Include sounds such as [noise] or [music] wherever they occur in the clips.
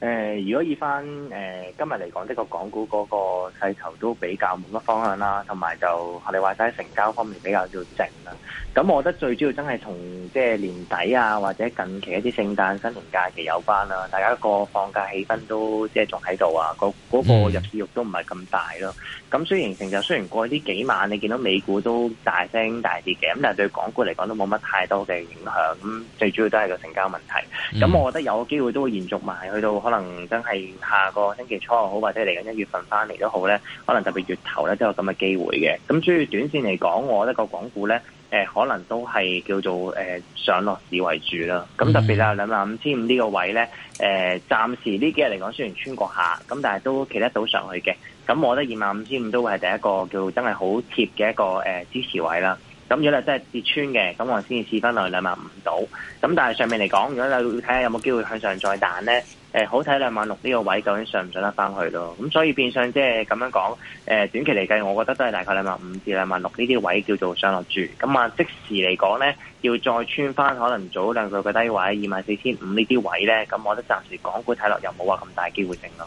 誒、呃，如果以翻誒、呃、今日嚟講，呢個港股嗰個勢頭都比較冇乜方向啦，同埋就學你話齋，成交方面比較要靜啦。咁我覺得最主要真係同即係年底啊，或者近期一啲聖誕新年假期有關啦，大家個放假氣氛都即係仲喺度啊，嗰、嗯、個個入市欲都唔係咁大咯。咁雖然成就，雖然過去呢幾晚你見到美股都大升大跌嘅，咁但係對港股嚟講都冇乜太多嘅影響。咁最主要都係個成交問題。咁、mm. 我覺得有機會都會延續埋，去到可能真係下個星期初又好，或者嚟緊一月份翻嚟都好咧。可能特別月頭咧都有咁嘅機會嘅。咁所以短線嚟講，我覺得個港股咧。誒、呃、可能都係叫做誒、呃、上落市為主啦，咁特別啦兩萬五千五呢個位咧，誒、呃、暫時呢幾日嚟講雖然穿過下，咁但係都企得到上去嘅，咁我覺得二萬五千五都會係第一個叫真係好貼嘅一個，呃、支持位啦。咁如果你真係跌穿嘅，咁我先至試翻落去兩萬五度。咁但係上面嚟講，如果你睇下有冇機會向上再彈咧？誒、呃，好睇兩萬六呢個位究竟上唔上得翻去咯？咁所以變相即係咁樣講，誒、呃、短期嚟計，我覺得都係大概兩萬五至兩萬六呢啲位叫做上落住。咁啊，即時嚟講咧，要再穿翻可能早兩個嘅低位二萬四千五呢啲位咧，咁我覺得暫時港股睇落又冇話咁大機會性咯。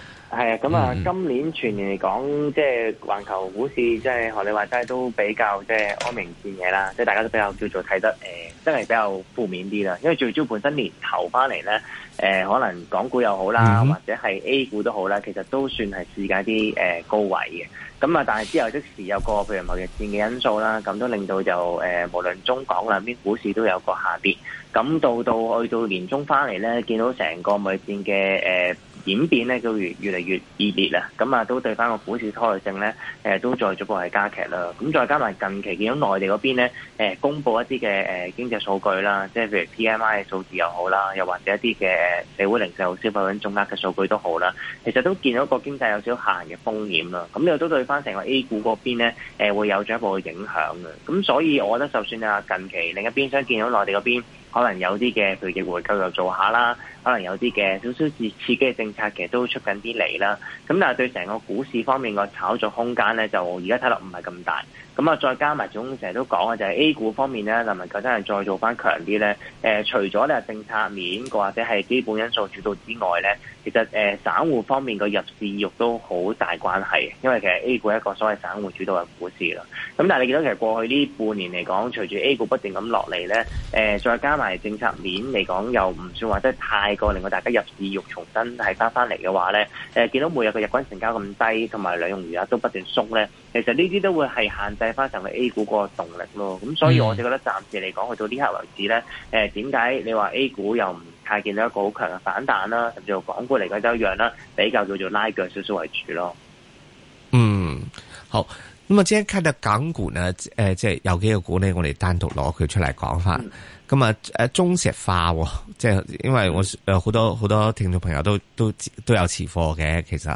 係啊，咁、嗯、啊，今年全年嚟講，即係環球股市，即係學你話齋都比較即係哀鴻遍野啦，即係大家都比較叫做睇得誒、呃，真係比較負面啲啦。因為最主要本身年頭翻嚟咧，誒、呃，可能港股又好啦，或者係 A 股都好啦，其實都算係試緊啲誒高位嘅。咁啊，但係之後即時有個譬如貿易戰嘅因素啦，咁都令到就誒、呃，無論中港兩邊股市都有個下跌。咁到到去到年中翻嚟咧，見到成個貿易戰嘅誒。呃演變咧就越越嚟越熱烈啊！咁啊都對翻個股市拖累性咧，誒都再逐步係加劇啦。咁再加埋近期見到內地嗰邊咧，公布一啲嘅誒經濟數據啦，即係譬如 P M I 嘅數字又好啦，又或者一啲嘅社會零售消費品總額嘅數據都好啦，其實都見到個經濟有少少下行嘅風險啦。咁又都對翻成個 A 股嗰邊咧，誒會有進一步嘅影響嘅。咁所以我覺得，就算你話近期另一邊想見到內地嗰邊。可能有啲嘅，譬如逆回購又做下啦，可能有啲嘅少少刺刺激嘅政策，其實都出緊啲嚟啦。咁但係對成個股市方面個炒作空間咧，就而家睇落唔係咁大。咁啊，再加埋總成日都講嘅，就係、是、A 股方面咧，能夠真係再做翻強啲咧、呃。除咗咧政策面或者係基本因素主導之外咧，其實散、呃、戶方面個入市意欲都好大關係，因為其實 A 股一個所謂散戶主導嘅股市啦。咁但係你見到其實過去呢半年嚟講，隨住 A 股不斷咁落嚟咧，再加。埋政策面嚟講，又唔算話真係太過令到大家入市欲重新係翻翻嚟嘅話咧，誒，見到每日嘅日均成交咁低，同埋兩融餘額都不斷縮咧，其實呢啲都會係限制翻成個 A 股個動力咯。咁所以我哋覺得暫時嚟講，去到呢刻為止咧，誒，點解你話 A 股又唔太見到一個好強嘅反彈啦？甚至港股嚟講都一樣啦，比較叫做拉鋸少少為主咯。嗯，好。咁啊，即刻睇到港股啊，誒，即係有幾隻股呢，我哋單獨攞佢出嚟講翻。嗯咁啊，中石化，即係因為我誒好多好多聽眾朋友都都都有持貨嘅。其實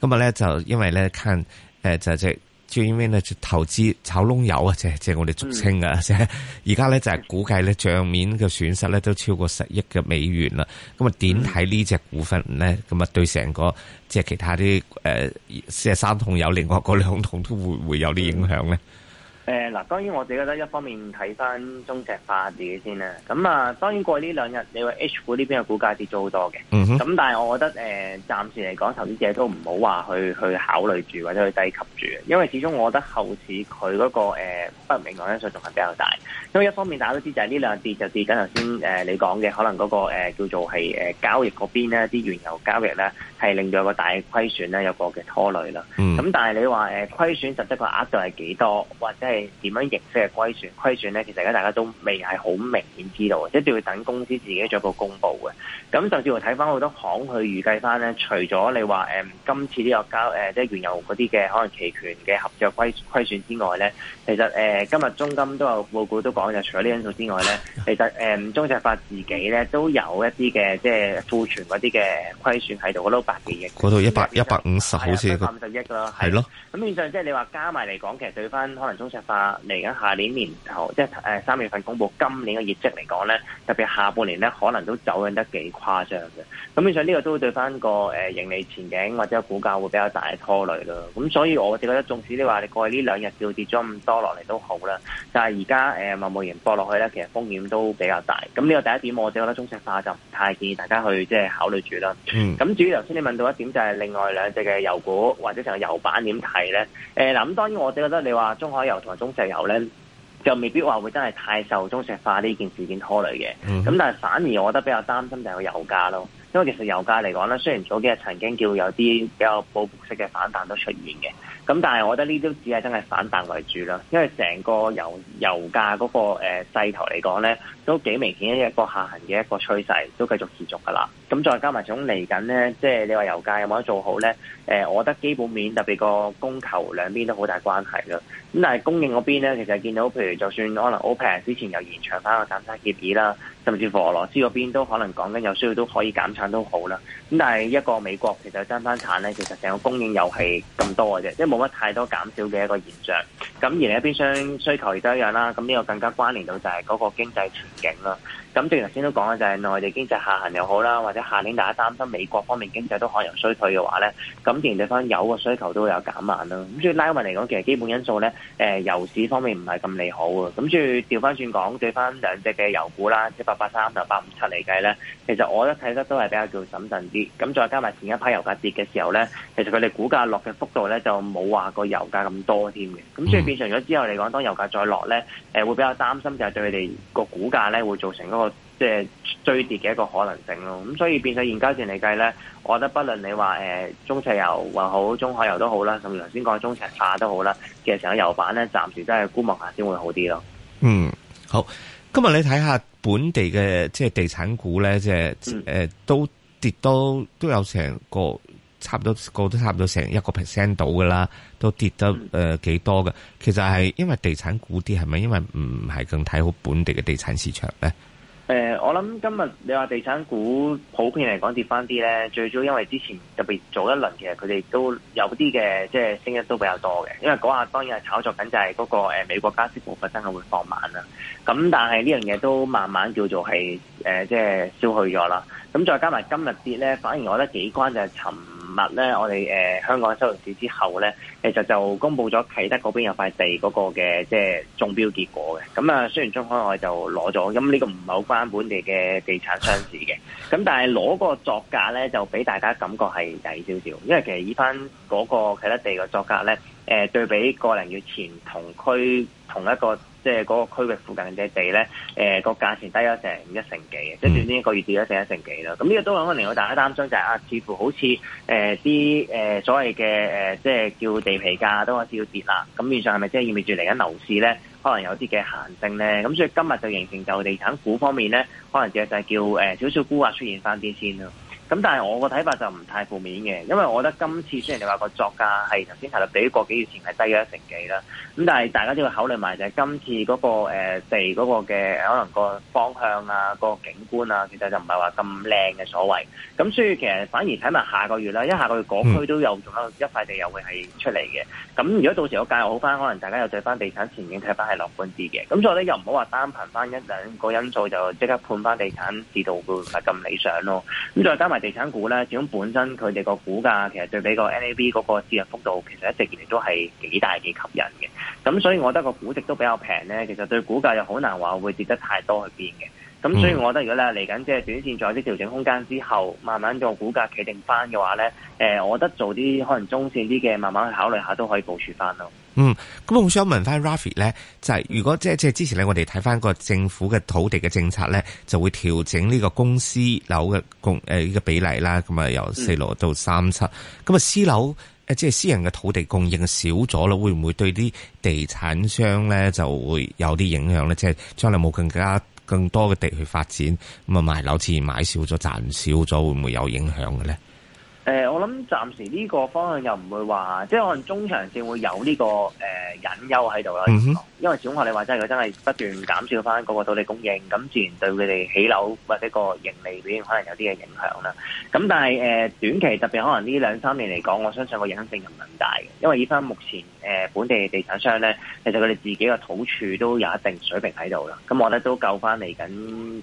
咁啊咧就因為咧看誒就只最尾咧投資炒燶油啊，即係即係我哋俗稱啊，而家咧就係估計咧帳面嘅損失咧都超過十億嘅美元啦。咁、嗯、啊點睇呢隻股份咧？咁啊對成個即係其他啲誒三桶油另外嗰兩桶都會會有啲影響咧？誒嗱，當然我自己覺得一方面睇返中石化自己先啦。咁啊，當然過呢兩日，你話 H 股呢邊嘅股價跌咗好多嘅。咁、嗯、但係我覺得暫，誒暫時嚟講，投資者都唔好話去去考慮住或者去低吸住，因為始終我覺得後市佢嗰個不明朗因素仲係比較大。因為一方面大家都知，這兩天就係呢兩跌，就跌緊頭先誒你講嘅，可能嗰個叫做係誒交易嗰邊咧啲原油交易咧。係令到一個大嘅虧損咧，有個嘅拖累啦。咁、mm. 但係你話誒、呃、虧損實質個額度係幾多，或者係點樣形式嘅虧損？虧損咧其實而家大家都未係好明顯知道，一、就、定、是、要等公司自己做一個公佈嘅。咁就至我睇翻好多行，去預計翻咧，除咗你話誒、呃、今次呢、這個交誒、呃、即係原油嗰啲嘅可能期權嘅合約虧虧損之外咧，其實誒今日中金都有報告都講，就除咗呢因素之外咧，其實誒、呃、中石化自己咧都有一啲嘅即係庫存嗰啲嘅虧損喺度，百幾億，嗰度一百一百五十好似一百五十億咯，係咯。咁變相即係你話加埋嚟講，其實對翻可能中石化嚟緊下年年頭，即係誒三月份公佈今年嘅業績嚟講咧，特別下半年咧可能都走緊得幾誇張嘅。咁變相呢個都會對翻個誒盈利前景或者係股價會比較大嘅拖累咯。咁所以我哋覺得，縱使你話你過去呢兩日叫跌咗咁多落嚟都好啦，但係而家誒貿貿然博落去咧，其實風險都比較大。咁呢個第一點，我哋覺得中石化就唔太建議大家去即係、就是、考慮住啦。咁、嗯、至於頭先。你問到一點就係另外兩隻嘅油股或者成個油板點睇咧？誒嗱，咁當然我哋覺得你話中海油同中石油咧，就未必話會真係太受中石化呢件事件拖累嘅、嗯。咁但係反而我覺得比較擔心就係個油價咯。因為其實油價嚟講咧，雖然早幾日曾經叫有啲比較報復式嘅反彈都出現嘅，咁但係我覺得呢啲都只係真係反彈為主啦。因為成個油油價嗰個誒勢頭嚟講咧，都幾明顯一個下行嘅一個趨勢，都繼續持續噶啦。咁再加埋總嚟緊咧，即係你話油價有冇得做好咧？誒，我覺得基本面特別個供求兩邊都好大關係啦。咁但係供應嗰邊咧，其實見到譬如就算可能 OPEC 之前又延長翻個減產協議啦，甚至乎俄羅斯嗰邊都可能講緊有需要都可以減產。都好啦，咁但係一個美國其實爭翻產咧，其實成個供應又係咁多嘅啫，即係冇乜太多減少嘅一個現象。咁而另一邊廂冰箱需求亦都一樣啦。咁呢個更加關聯到就係嗰個經濟前景啦。咁正、就是、如頭先都講嘅就係內地經濟下行又好啦，或者下年大家擔心美國方面經濟都可能衰退嘅話咧，咁既然對翻油嘅需求都會有減慢啦。咁所以拉勻嚟講，其實基本因素咧，誒、呃、油市方面唔係咁利好啊。咁所以調翻轉講，對翻兩隻嘅油股啦，即八八三同八五七嚟計咧，其實我覺得睇得都係比較叫謹慎啲。咁再加埋前一批油價跌嘅時候咧，其實佢哋股價落嘅幅度咧就冇話個油價咁多添嘅。咁所以變成咗之後嚟講，當油價再落咧，誒會比較擔心就係對佢哋個股價咧會造成嗰、那個。即、就、係、是、最跌嘅一個可能性咯，咁所以變咗現價錢嚟計咧，我覺得不論你話誒中石油還好，中海油都好啦，甚至頭先講中石化都好啦，其實成個油板咧，暫時都係觀望下先會好啲咯。嗯，好，今日你睇下本地嘅即係地產股咧、嗯，即係誒、呃、都跌到都有成個差唔多個都差唔多成一個 percent 到噶啦，都跌得誒、嗯呃、幾多嘅。其實係因為地產股跌係咪因為唔係更睇好本地嘅地產市場咧？誒、呃，我諗今日你話地產股普遍嚟講跌翻啲咧，最主要因為之前特別早一輪其實佢哋都有啲嘅，即係升得都比較多嘅，因為嗰下當然係炒作緊、誒，就係嗰個美國加息步伐真係會放慢啦。咁但係呢樣嘢都慢慢叫做係、呃、即係消去咗啦。咁再加埋今日跌咧，反而我覺得幾關就係沉。物、嗯、咧，我哋誒香港收市之後咧，其實就公布咗啟德嗰邊有塊地嗰個嘅即係中標結果嘅。咁、嗯、啊，雖然中海外就攞咗，咁呢個唔係好關本地嘅地產商事嘅。咁但係攞個作價咧，就俾大家感覺係抵少少，因為其實以翻嗰個啟德地嘅作價咧。誒、呃、對比個零月前同區同一個即係嗰個區域附近嘅地咧，誒、呃、個價錢低咗成一成幾，mm-hmm. 即係短短一個月跌咗成一成幾啦。咁、嗯、呢、嗯嗯、個都可能令到大家擔心就係啊，似乎好似誒啲誒所謂嘅誒即係叫地皮價都開始要跌啦。咁、嗯、面上係咪即係意味住嚟緊樓市咧，可能有啲嘅限制咧？咁所以今日就形成就地產股方面咧，可能只係叫誒、呃、少少沽壓出現翻啲先咯。咁但係我個睇法就唔太負面嘅，因為我覺得今次雖然你話個作價係頭先提到比個幾月前係低咗一成幾啦，咁但係大家都要考慮埋就係今次嗰、嗰個、呃、地嗰個嘅可能個方向啊、個景觀啊，其實就唔係話咁靚嘅所謂。咁所以其實反而睇埋下個月啦，因為下個月港區都有仲有一塊地又會係出嚟嘅。咁如果到時個價又好翻，可能大家又對翻地產前景睇翻係樂觀啲嘅。咁所以咧又唔好話單憑翻一兩個因素就即刻判翻地產市道會唔係咁理想咯。咁再加埋。地產股咧，始終本身佢哋個股價，其實對比個 NAV 嗰個市盈幅度，其實一直以嚟都係幾大幾吸引嘅。咁所以我覺得個估值，都比較平咧，其實對股價又好難話會跌得太多去邊嘅。咁所以我覺得如果咧嚟緊即係短線再有啲調整空間之後，慢慢做股價企定翻嘅話咧，誒、呃，我覺得做啲可能中線啲嘅，慢慢去考慮下都可以部署翻咯。嗯，咁我想問翻 Rafi 咧，就係如果即係即係之前咧，我哋睇翻個政府嘅土地嘅政策咧，就會調整呢個公司樓嘅供誒呢個比例啦。咁啊由四六到三七，咁啊私樓誒即係私人嘅土地供應少咗啦，會唔會對啲地產商咧就會有啲影響咧？即係將來冇更加更多嘅地去發展，咁啊賣樓自然買少咗，賺少咗，會唔會有影響嘅咧？誒、呃，我諗暫時呢個方向又唔會話，即係可能中長線會有呢、呢個誒、呃、隱憂喺度啦。Mm-hmm. 因為總括你話真係佢真係不斷減少翻個個土地供應，咁自然對佢哋起樓或者個盈利邊可能有啲嘅影響啦。咁但係、呃、短期特別可能呢兩三年嚟講，我相信個影響性唔係咁大嘅，因為依翻目前誒本地地產商咧，其實佢哋自己嘅土儲都有一定水平喺度啦，咁我覺得都夠翻嚟緊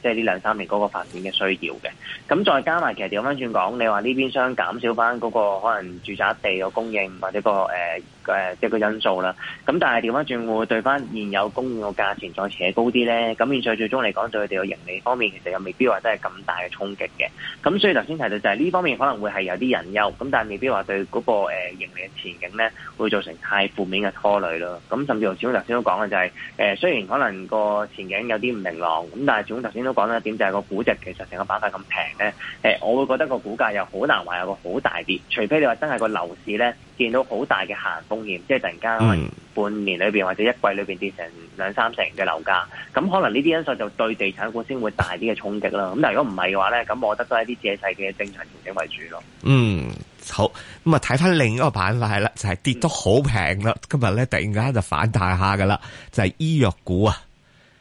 即係呢兩三年嗰個發展嘅需要嘅。咁再加埋其實調翻轉講，你話呢邊商減，減少翻嗰個可能住宅地嘅供應，或者、嗰個誒。呃誒、啊，即、這、係個因素啦。咁但係調翻轉，會對翻現有供應個價錢再扯高啲咧，咁現在最終嚟講，對佢哋個盈利方面，其實又未必話真係咁大嘅衝擊嘅。咁、嗯、所以頭先提到就係呢方面可能會係有啲隱憂。咁但係未必話對嗰個、呃、盈利嘅前景咧，會造成太負面嘅拖累咯。咁、嗯、甚至乎、就是，始終頭先都講嘅就係誒，雖然可能個前景有啲唔明朗。咁但係總頭先都講咗一點，就係個估值其實成個板塊咁平咧。誒、呃，我會覺得個股價又好難話有個好大跌，除非你話真係個樓市咧。見到好大嘅行風險，即係突然間可能半年裏邊或者一季裏邊跌成兩三成嘅樓價，咁可能呢啲因素就對地產股先會大啲嘅衝擊啦。咁但係如果唔係嘅話咧，咁我覺得都係一啲借勢嘅正常調整為主咯。嗯，好，咁啊睇翻另一個板塊啦，就係、是、跌得好平啦。今日咧突然間就反彈下噶啦，就係醫藥股啊。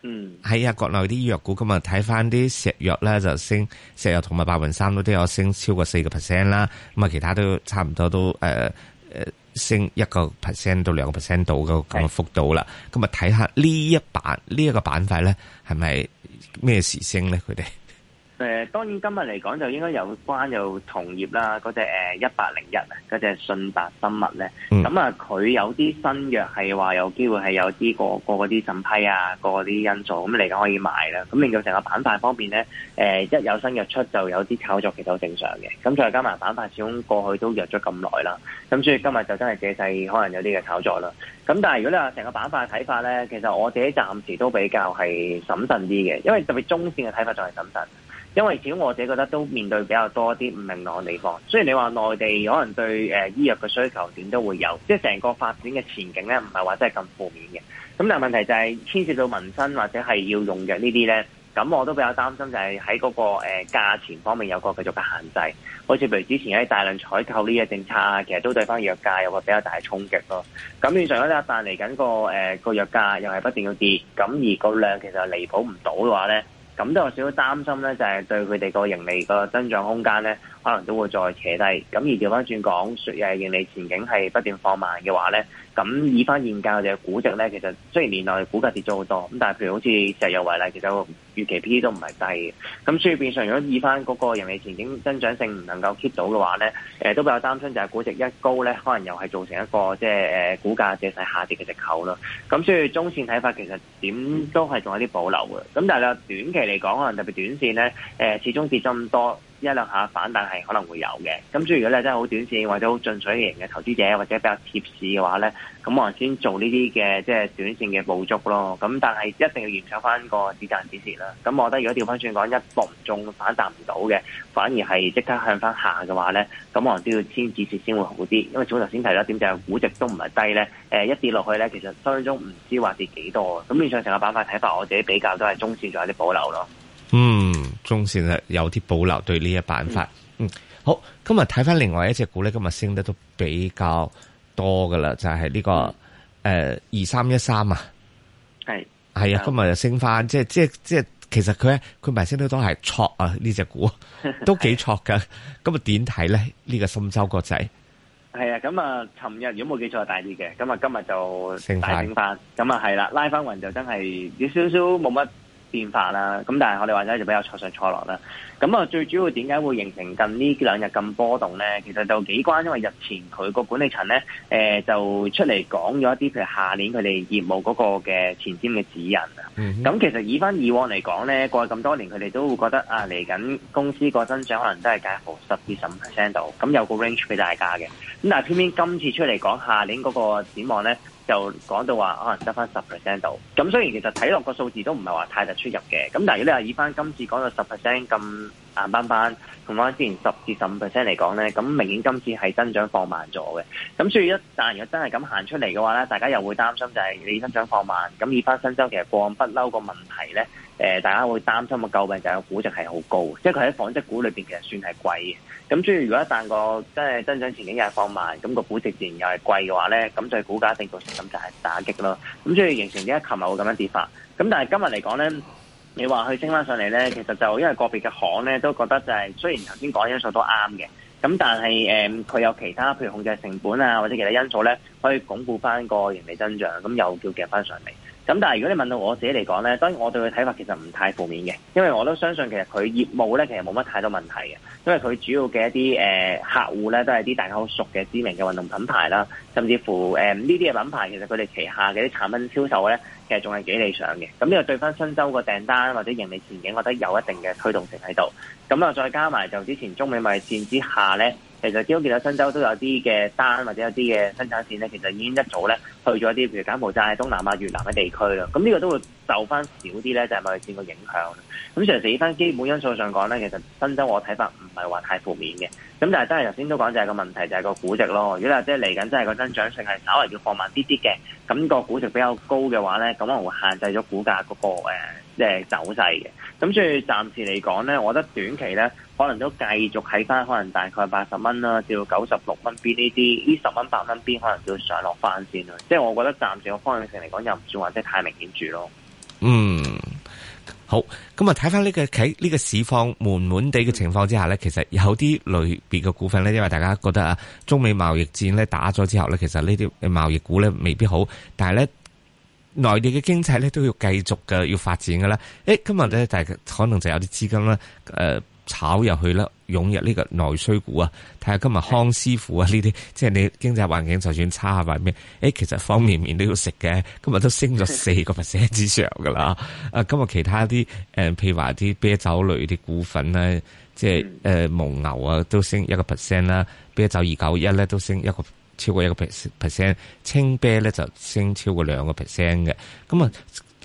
嗯，係、就是嗯、啊，國內啲醫藥股今日睇翻啲石藥咧就升，石藥同埋白雲山都都有升超過四個 percent 啦。咁啊，其他都差唔多都誒。呃升一個 percent 到兩個 percent 度個咁嘅幅度啦，咁啊睇下呢一板呢一個板塊咧，係咪咩時升咧佢哋？誒、呃、當然今日嚟講，就應該有關又同業啦，嗰隻一八零一啊，嗰隻信達生物咧。咁啊，佢有啲新藥係話有機會係有啲過過嗰啲審批啊，過嗰啲因素，咁嚟講可以買啦。咁令到成個板塊方面咧，誒、呃、一有新藥出就有啲炒作，其實好正常嘅。咁再加埋板塊，始終過去都弱咗咁耐啦。咁所以今日就真係借勢，可能有啲嘅炒作啦。咁但係如果你話成個板塊嘅睇法咧，其實我自己暫時都比較係審慎啲嘅，因為特別中線嘅睇法就係審慎。因為始終我自己覺得都面對比較多啲唔明朗嘅地方，雖然你話內地可能對誒醫藥嘅需求點都會有，即係成個發展嘅前景咧，唔係話真係咁負面嘅。咁但係問題就係牽涉到民生或者係要用藥呢啲咧，咁我都比較擔心就係喺嗰個誒價、呃、錢方面有個繼續嘅限制。好似譬如之前喺大量採購呢啲政策啊，其實都對翻藥價有個比較大嘅衝擊咯。咁面上嗰啲帶嚟緊個誒個藥價又係不斷要跌，咁而個量其實彌補唔到嘅話咧。咁都有少少擔心咧，就係對佢哋個盈利個增長空間咧。可能都會再扯低，咁而調翻轉講，說又盈利前景係不斷放慢嘅話咧，咁以翻現價嘅估值咧，其實雖然年內股價跌咗好多，咁但係譬如好似石油為例，其實預期 PE 都唔係低嘅，咁所以變相如果以翻嗰個盈利前景增長性唔能夠 keep 到嘅話咧、呃，都比較擔心就係估值一高咧，可能又係造成一個即係誒股價借勢下跌嘅藉口咯。咁所以中線睇法其實點都係仲有啲保留嘅，咁但係短期嚟講，可能特別短線咧、呃，始終跌咗咁多。一兩下反彈係可能會有嘅，咁所以如果你真係好短線或者好進取型嘅投資者，或者比較貼市嘅話咧，咁我先做呢啲嘅即係短線嘅捕捉咯。咁但係一定要延長翻個止賺止蝕啦。咁我覺得如果調翻轉講一步唔中反彈唔到嘅，反而係即刻向翻下嘅話咧，咁我都要先止蝕先會好啲。因為早頭先提咗點就係估值都唔係低咧，一跌落去咧，其實相對中唔知話跌幾多。咁面上成個板塊睇法，我自己比較都係中線仲有啲保留咯。嗯，中線有啲保留對呢一辦法嗯。嗯，好，今日睇翻另外一隻股咧，今日升得都比較多噶啦，就係、是、呢、這個誒二三一三啊，係係啊、嗯啊， [laughs] 這個、啊、啊、啊，今日就升翻，即係即係即係，其實佢佢唔係升得多係挫啊，呢隻股都幾挫噶，咁啊點睇咧呢個申洲國際？係啊，咁啊，尋日如果冇記錯大啲嘅，咁啊今日就升翻，咁啊係啦，拉翻運就真係有少少冇乜變化啦，咁但係我哋話齋就比較錯上錯落啦。咁啊，最主要點解會形成近呢兩日咁波動咧？其實就幾關，因為日前佢個管理層咧，誒、呃、就出嚟講咗一啲，譬如下年佢哋業務嗰個嘅前瞻嘅指引啊。咁、嗯、其實以翻以往嚟講咧，過去咁多年佢哋都會覺得啊，嚟緊公司個增長可能都係介乎十至十五 percent 度，咁有個 range 俾大家嘅。咁但係偏偏今次出嚟講下年嗰個展望咧。就講到話可能得翻十 percent 度，咁雖然其實睇落個數字都唔係話太突出入嘅，咁但係如果你話以翻今次講到十 percent 咁，硬崩崩同埋之前十至十五 percent 嚟講咧，咁明顯今次係增長放慢咗嘅。咁所以一旦如果真係咁行出嚟嘅話咧，大家又會擔心就係你增長放慢，咁而翻申洲其實過不嬲個問題咧，誒、呃、大家會擔心嘅救命就係個估值係好高，即係佢喺紡織股裏邊其實算係貴嘅。咁所以如果一旦個真係增長前景又係放慢，咁、那個估值自然又係貴嘅話咧，咁對股價一定造成咁就係打擊咯。咁所以形成點解琴日會咁樣跌法？咁但係今日嚟講咧。你話佢升翻上嚟咧，其實就因為個別嘅行咧都覺得就係、是、雖然頭先講嘅因素都啱嘅，咁但係誒佢有其他譬如控制成本啊或者其他因素咧，可以鞏固翻個盈利增長，咁又叫夾翻上嚟。咁但係如果你問到我自己嚟講咧，當然我對佢睇法其實唔太負面嘅，因為我都相信其實佢業務咧其實冇乜太多問題嘅，因為佢主要嘅一啲誒客戶咧都係啲大家好熟嘅知名嘅運動品牌啦，甚至乎誒呢啲嘅品牌其實佢哋旗下嘅啲產品銷售咧。其實仲係幾理想嘅，咁呢個對翻新州個訂單或者盈利前景，我覺得有一定嘅推動性喺度。咁啊，再加埋就之前中美貿易戰之下咧。其實見到見到新洲都有啲嘅單或者有啲嘅生產線咧，其實已經一早咧去咗啲，譬如柬埔寨、東南亞、越南嘅地區啦，咁呢個都會受翻少啲咧，就係去市嘅影響。咁同時依番基本因素上講咧，其實新洲我睇法唔係話太負面嘅。咁但係真係頭先都講就係個問題就係個估值咯。如果你話即係嚟緊真係個增長性係稍微要放慢啲啲嘅，咁個估值比較高嘅話咧，咁可能會限制咗股價嗰個即係、呃、走勢嘅。咁所以暫時嚟講咧，我覺得短期咧。可能都繼續睇翻，可能大概八十蚊啦，至九十六蚊 B 呢啲，呢十蚊、八蚊 B 可能要上落翻先啦。即係我覺得暫時個方向性嚟講，又唔算話真係太明顯住咯。嗯，好。咁啊、這個，睇翻呢個喺呢個市況悶悶地嘅情況之下呢，其實有啲類別嘅股份呢，因為大家覺得啊，中美貿易戰呢打咗之後呢，其實呢啲貿易股呢未必好，但係呢內地嘅經濟呢，濟都要繼續嘅要發展㗎啦。誒，今日呢，就可能就有啲資金啦。呃炒入去啦，湧入呢個內需股啊。睇下今日康師傅啊，呢啲即係你經濟環境就算差下，為咩？誒，其實方便麵都要食嘅。今日都升咗四個 percent 之上噶啦。啊，今日其他啲誒，譬、呃、如話啲啤酒類啲股份咧，即係誒、呃、蒙牛啊，都升一個 percent 啦。啤酒二九一咧都升一個超過一個 percent，青啤咧就升超過兩個 percent 嘅。咁啊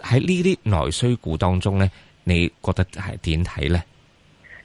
喺呢啲內需股當中咧，你覺得係點睇咧？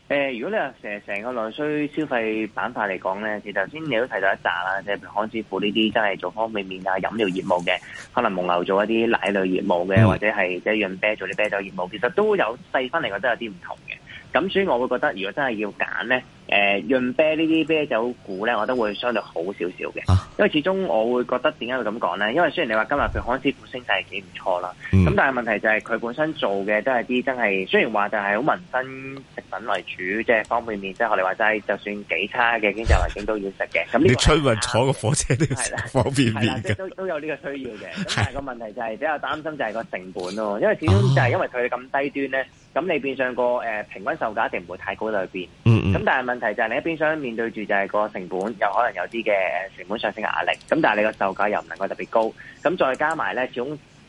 呃、如果你話成成個內需消費板塊嚟講咧，其實頭先你都提到一紮啦，即係康師傅呢啲真係做方便麵啊飲料業務嘅，可能蒙牛做一啲奶類業務嘅，或者係即係潤啤做啲啤酒業務，其實都有細分嚟講都有啲唔同嘅，咁所以我會覺得如果真係要揀咧。誒、呃、潤啤呢啲啤酒股咧，我覺得會相對好少少嘅、啊，因為始終我會覺得點解會咁講咧？因為雖然你話今日佢康師傅升勢係幾唔錯啦，咁、嗯、但係問題就係、是、佢本身做嘅都係啲真係雖然話就係好民生食品為主，即、就、係、是、方便麵，即係我哋話齋，就算幾差嘅經濟環境都要食嘅。咁 [laughs] 呢個你春運坐個火車都要食方便麵嘅，都都有呢個需要嘅。咁但係個問題就係、是、比較擔心就係個成本咯，因為始終就係因為佢咁低端咧，咁、啊、你變相個誒、呃、平均售價一定唔會太高喺裏邊。咁、嗯、但係問問題就係你一邊想面對住就係個成本，又可能有啲嘅成本上升嘅壓力。咁但係你個售價又唔能夠特別高。咁再加埋咧，始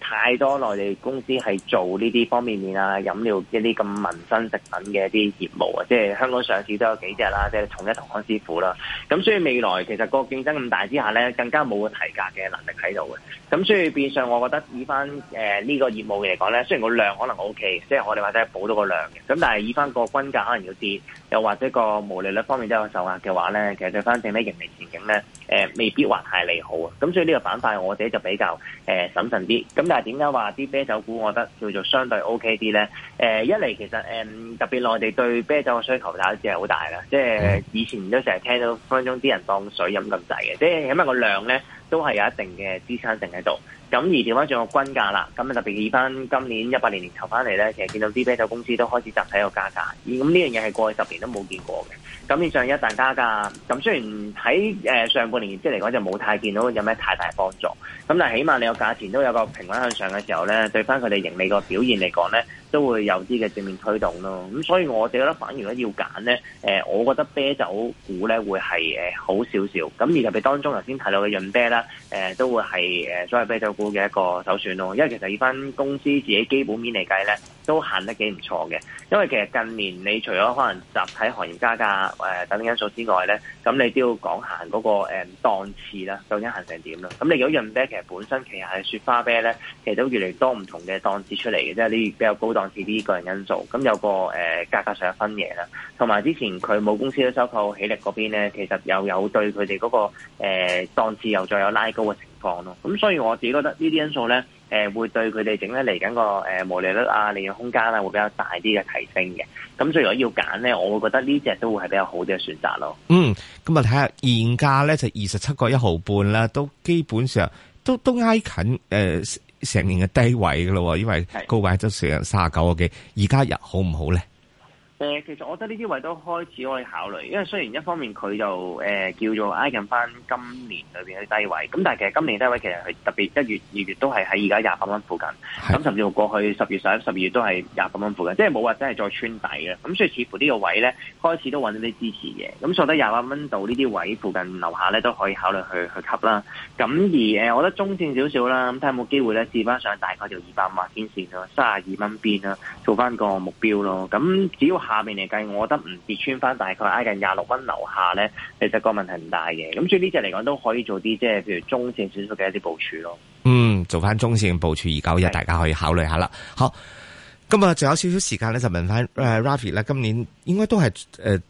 太多內地公司係做呢啲方便麵啊、飲料一啲咁民生食品嘅一啲業務啊，即係香港上市都有幾隻啦，即係統一、康師傅啦。咁所以未來其實個競爭咁大之下咧，更加冇個提價嘅能力喺度嘅。咁所以變相，我覺得以翻誒呢個業務嚟講咧，雖然個量可能 O、OK, K 即係我哋或者係補到個量嘅。咁但係以翻個均價可能要跌，又或者個毛利率方面都有受壓嘅話咧，其實對翻整體盈利前景咧，誒、呃、未必話太利好啊。咁所以呢個板塊我自己就比較誒審、呃、慎啲。咁但係點解話啲啤酒股我覺得叫做相對 O K 啲咧？誒、呃、一嚟其實誒、呃、特別內地對啤酒嘅需求大家知係好大啦，即、就、係、是呃嗯、以前都成日聽到分分鐘啲人當水飲咁滯嘅，即係因為個量咧都係有一定嘅支撐性喺度。咁而點返轉個均價啦，咁特別以返今年一八年年頭翻嚟咧，其實見到啲啤酒公司都開始集體個加價格，咁呢樣嘢係過去十年都冇見過嘅。咁以上一旦加價，咁雖然喺、呃、上半年即嚟講就冇太見到有咩太大幫助，咁但係起碼你個價錢都有個平穩向上嘅時候咧，對翻佢哋盈利個表現嚟講咧，都會有啲嘅正面推動咯。咁所以我哋覺得，反而如果要揀咧、呃，我覺得啤酒股咧會係好少少。咁而特別當中頭先提到嘅潤啤啦、呃，都會係誒所謂啤酒股嘅一個首選咯，因為其實以返公司自己基本面嚟計咧。都行得幾唔錯嘅，因為其實近年，你除咗可能集體行業加價誒、呃、等等因素之外咧，咁你都要講行嗰、那個誒檔、嗯、次啦，究竟行成點啦？咁你如果飲啤，其實本身其實係雪花啤咧，其實都越嚟越多唔同嘅檔次出嚟嘅，即係啲比較高檔次啲個人因素，咁有個誒價、呃、格上一分嘢啦。同埋之前佢母公司都收購喜力嗰邊咧，其實又有對佢哋嗰個誒檔、呃、次又再有拉高嘅情況咯。咁所以我自己覺得呢啲因素咧。誒，會對佢哋整得嚟緊個誒毛利率啊，利潤空間啊，會比較大啲嘅提升嘅。咁所以如果要揀咧，我會覺得呢隻都會係比較好啲嘅選擇咯。嗯，咁啊睇下現價咧就二十七個一毫半啦，都基本上都都挨近誒成、呃、年嘅低位噶咯，因為高位都成三十九個幾。而家入好唔好咧？誒、呃，其實我覺得呢啲位都開始可以考慮，因為雖然一方面佢就誒、呃、叫做挨近翻今年裏邊嘅低位，咁但係其實今年低位其實佢特別一月二月都係喺而家廿八蚊附近，咁甚至乎過去十月十一、十二月都係廿八蚊附近，即係冇話真係再穿底嘅，咁所以似乎呢個位咧開始都揾到啲支持嘅，咁坐低廿八蚊度呢啲位附近樓下咧都可以考慮去去吸啦。咁而誒，我覺得中綫少少啦，咁睇下有冇機會咧試翻上大概就二百五十天綫咯，三十二蚊邊啦，做翻個目標咯。咁只要下面嚟計，我覺得唔跌穿翻大概挨近廿六蚊樓下咧，其實個問題唔大嘅。咁所以呢隻嚟講都可以做啲即係，譬如中線選股嘅一啲部署咯。嗯，做翻中線部署二九一，大家可以考慮下啦。好，咁啊，仲有少少時間咧，就問翻 Raffy 啦。今年應該都係誒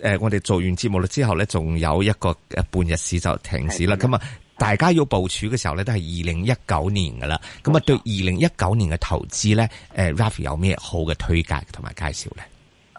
誒，我哋做完節目啦之後咧，仲有一個誒半日市就停市啦。咁啊，大家要部署嘅時候咧，都係二零一九年噶啦。咁、呃、啊，對二零一九年嘅投資咧，誒 Raffy 有咩好嘅推介同埋介紹咧？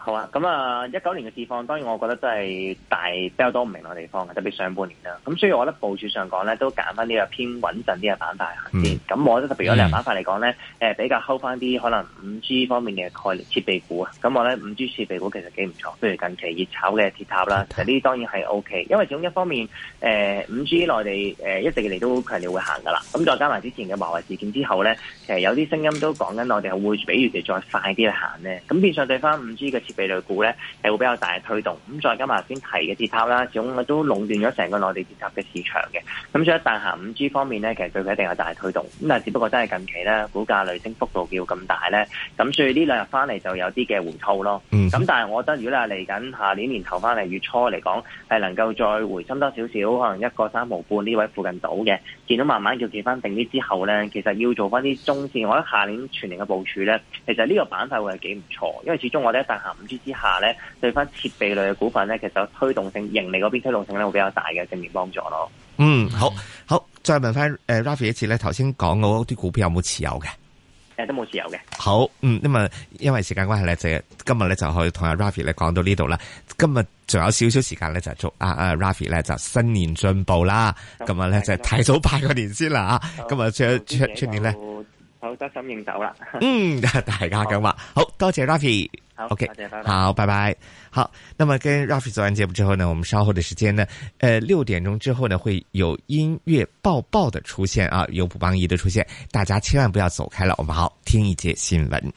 好啊，咁啊，一、uh, 九年嘅市況當然我覺得都係大比較多唔明嘅地方嘅，特別上半年啦。咁所以我覺得部署上講咧，都揀翻啲啊偏穩陣啲嘅板塊行先。咁、嗯、我覺得特別嗰兩板塊嚟講咧，誒、呃、比較 hold 翻啲可能五 G 方面嘅概念設備股啊。咁我咧五 G 設備股其實幾唔錯，譬如近期熱炒嘅鐵塔啦，其實呢啲當然係 O K。因為其中一方面，誒五 G 內地誒、呃、一直嚟都強調會行噶啦。咁再加埋之前嘅華為事件之後咧，其實有啲聲音都講緊內地係會比預期再快啲去行咧。咁變相對翻五 G 嘅啤類股咧係會比較大嘅推動，咁再加埋先提嘅鐵塔啦，始終都壟斷咗成個內地鐵塔嘅市場嘅，咁所以大行五 G 方面咧，其實對佢一定係大推動，咁但係只不過真係近期咧股價累升幅度叫咁大咧，咁所以呢兩日翻嚟就有啲嘅回吐咯，咁、mm-hmm. 但係我覺得如果你咧嚟緊下年年頭翻嚟月初嚟講，係能夠再回深多少少，可能一個三毫半呢位附近到嘅，見到慢慢叫企翻定啲之後咧，其實要做翻啲中線，我覺得下年全年嘅部署咧，其實呢個板塊會係幾唔錯，因為始終我哋覺得大行。之之下咧，對翻設備類嘅股份咧，其實有推動性盈利嗰邊推動性咧，會比較大嘅正面幫助咯。嗯，好好，再問翻誒 Raffy 一次咧，頭先講嗰啲股票有冇持有嘅？誒，都冇持有嘅。好，嗯，咁啊，因為時間關係咧，就係、今日咧就去同阿 Raffy 咧講到呢度啦。今日仲有少少時間咧，就祝啊啊 Raffy 咧就新年進步啦。咁啊咧就提早拜個年先啦。啊，今日出出年咧。好得心應手啦，走 [laughs] 嗯，大家都咁話，好多謝 Raffy，好，Raffy 好，OK，拜拜好，拜拜，好，那麼跟 Raffy 做完節目之後呢，我們稍後的時間呢，呃六點鐘之後呢，會有音樂爆爆的出現啊，有普邦儀的出現，大家千萬不要走開了，我們好聽一節新聞。